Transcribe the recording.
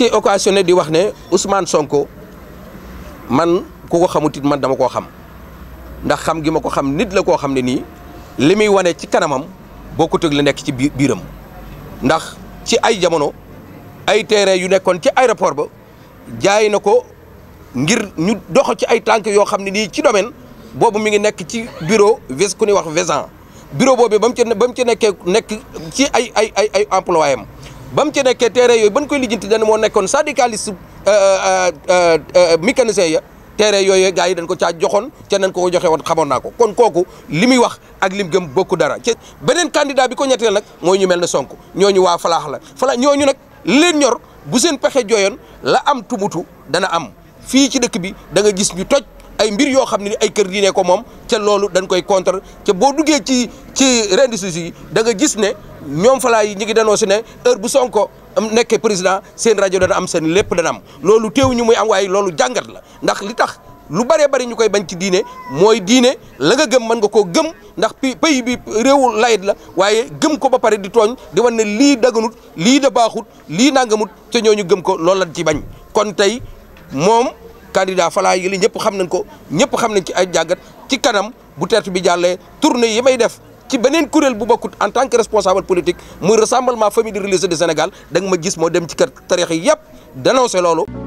ci occasionné di wax ne Ousmane Sonko man ku ko xamut it man dama koo xam ndax xam gi ma ko xam nit la koo xam ne nii li muy wane ci kanamam boo ko teg la nekk ci biiram ndax ci ay jamono ay terrain yu nekkoon ci aéroport ba jaay na ko ngir ñu dox ci ay tànk yoo xam ne nii ci domaine boobu mi ngi nekk ci bureau ves ku ñuy wax Vezan bureau boobu ba mu ci ba mu ci nekkee nekk ci ay ay ay ay employé ba mu ci nekkee terrain yooyu ba ñu koy lijjanti dañ moo nekkoon syndicaliste euh, euh, euh, mécanicien ya tere yooyu gars yi dañ ko caa joxoon ca nañ ko ko joxe woon xamoon naa ko kon kooku li muy wax ak lim gëm bokku dara ci beneen candidat bi ko ñetteel nag mooy ñu mel ne Sonko ñooñu waa falaax la falaax ñooñu nag leen ñor bu seen pexe jooyoon la am tumutu dana am fii ci dëkk bi da nga gis ñu toj ay mbir yoo xam ne ay kër diine ko moom ca loolu dañ koy contre ca boo duggee ci ci rendez danga gis ne ñoom falaa yi ñu ngi danoo si ne heure bu Sonko nekkee président seen rajo dana am seen lépp dana am loolu teew ñu muy am waaye loolu jàngat la ndax li tax lu bëree bëri ñu koy bañ ci diine mooy diine la nga gëm mën nga koo gëm ndax pays bi réewu layit la waaye gëm ko ba pare di tooñ di wan ne lii daganut lii da baaxut lii nangamut ca ñooñu gëm ko loolu lañ ci bañ kon tey moom candidat falaa yi li ñëpp xam nañ ko ñëpp xam nañ ci ay jàggat ci kanam bu terte bi jàllee tournée yi may def ci beneen kuréel bu bokkut en tant que responsable politique muy rassemblement famille religieuse du Sénégal da ma gis moo dem ci kër tarix yi yëpp dénoncé loolu